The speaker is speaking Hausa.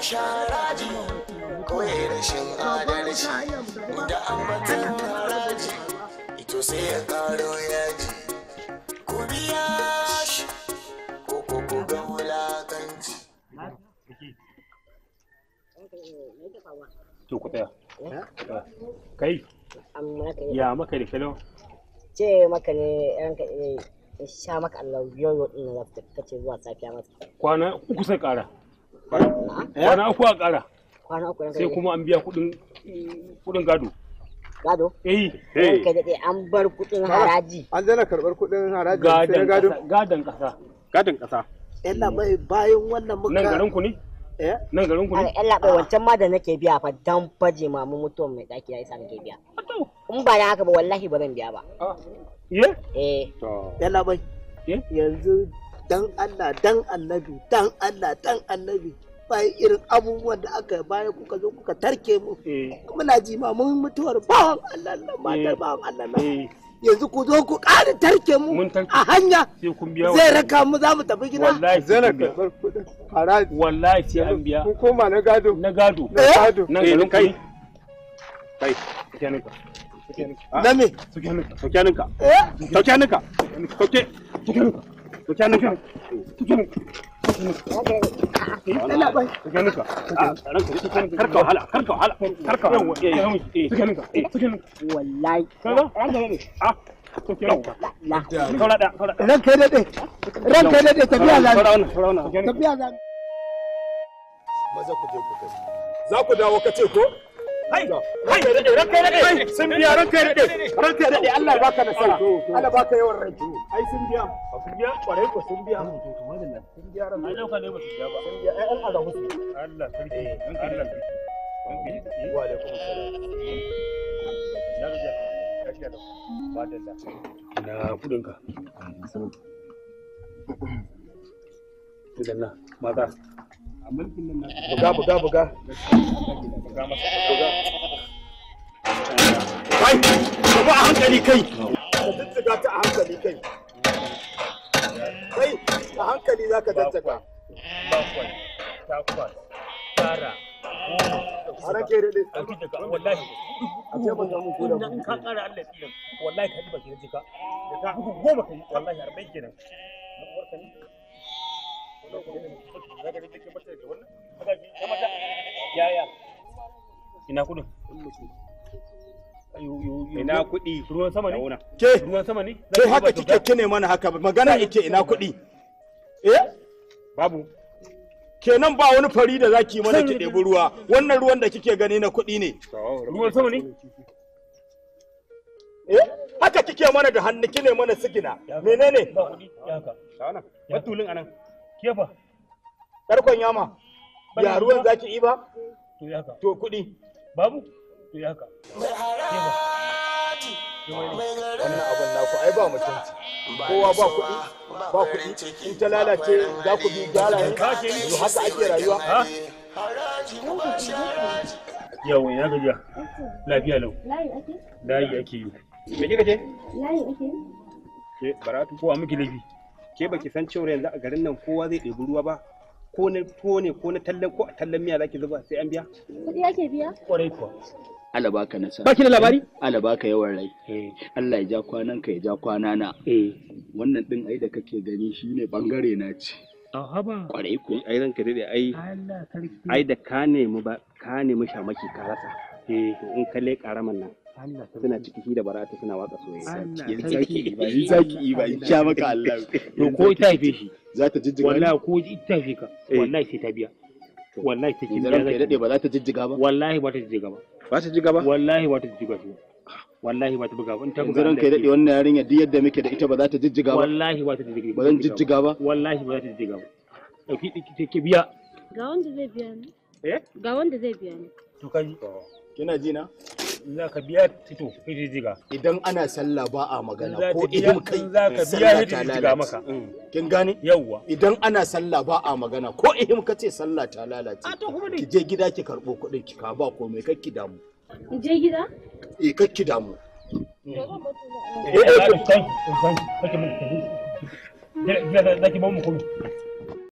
sharaji rashin adalci da haraji ya karo yaji biya shi ko kai ya maka da kilo ce maka ne ranka eh, sha maka allau yoyo din k'a kace zuwa safiya mata kwana uku kara Kwana uku a ƙara. Sai kuma an biya kuɗin gado. Gado? Eh. Eh. an bar kuɗin haraji. An haraji. Gadon ƙasa. Gadon Gadon Yalla bai bayan wannan muka. Nan garin ku ne? Eh? Nan garin ku ne? Yalla bai wancan ma da nake biya fa dan faje mamu mutum mai ɗaki ya isa ke biya. In ba na haka ba wallahi ba zan biya ba. Ah. Eh. Yalla bai. Yanzu dan Allah dan annabi dan Allah dan annabi bayan irin abubuwan da aka bayan kuka zo kuka tarke mu eh. muna ji ma mun mutuwar bawan Allah nan matar eh. bawan Allah na. Eh. yanzu ku zo ku ƙara tarke mu a hanya zai raka mu za mu tafi gida wallahi zai sai an kun koma na gado na gado na gado na gado kai kai na me Za ku dawo kace ko? hai hai ranka ya dade sun biya ranka ya dade ranka ya dade Allah ya baka nasara Allah baka yawan rai ai sun biya sun biya kwarai ko sun biya to sun biya ran ne ba su biya ba sun biya ai an aga musu Allah sarki eh, Allah sarki wa alaikum salam ya rija ya shiga da na kudin ka sanki madalla maza Eh. buga buga buga kai ka ba a hankali kai ka daddaga ta a hankali kai kai a hankali za ka daddaga bakwai takwas tara ke rede. A wallahi. A ce ban ko da Ka kara Allah Wallahi ka ji ba jika. goma kai wallahi kenan. ne. ina kudin ina kudi ruwan sama ne ke ruwan sama ne ke haka kike ne mana haka magana yake ina kudi eh babu kenan ba wani fari da zaki mana ki ɗebi ruwa wannan ruwan da kike gani na kuɗi ne ruwan sama ne eh haka kike mana da hannu kine mana sigina menene ba kuɗi haka batulin anan kefa karkon yama ya ruwan zaki iba to ya ka to kudi babu to ya ka kefa wannan abin naku ai ba mutunci kowa ba kuɗi ba kuɗi in ta lalace za ku bi gyara ne haka ake rayuwa yawon ya gajiya lafiya lau layi ake yi me kika ce layi ake yi ke baratu kowa miki laifi ke baki san cewa yanzu a garin nan kowa zai ɗebi ruwa ba ko na tuwo ne ko na tallan ko a tallan miya zaki zuba sai an biya kuɗi yake biya kwarai kuwa Allah baka nasa baki da labari Allah baka yawan rai eh. Allah ya ja kwanan ka ya ja kwana na eh. wannan din ai da kake gani shine bangare na ce Ahaba. Kwarai ko. Ai ka dade ai. Ai da ka nemi ba ka nemi shamaki ka rasa. Eh in ka le karaman nan. suna ciki shi da bara'atu suna waka soyayya zaki ba yi zaki ba in sha maka Allah to ko ita fi shi za ta jijjiga wallahi ko ita fi ka eh. wallahi sai ta biya wallahi take da zaki dade ba za ta jijjiga ba wallahi ba ta jijjiga ba ba ta jijjiga ba wallahi ba ta jijjiga ba wallahi ba ta buga ba in ta buga ranka ya dade wannan yarinya duk yadda muke da ita ba za ta jijjiga ba wallahi ba ta jijjiga ba zan jijjiga ba wallahi ba za ta jijjiga ba dauki take biya ga wanda zai biya ni eh ga wanda zai biya ni to kai kina ji na za ka biya tito hidi idan ana sallah ba a magana ko idan kai sallah ta lalace kin gane yawwa idan ana sallah ba a magana ko ihim kace sallah ta lalace ki je gida ki karbo kuɗin ki ka ba mai kakki damu je gida e kakki damu eh eh kan kan kake mun kudi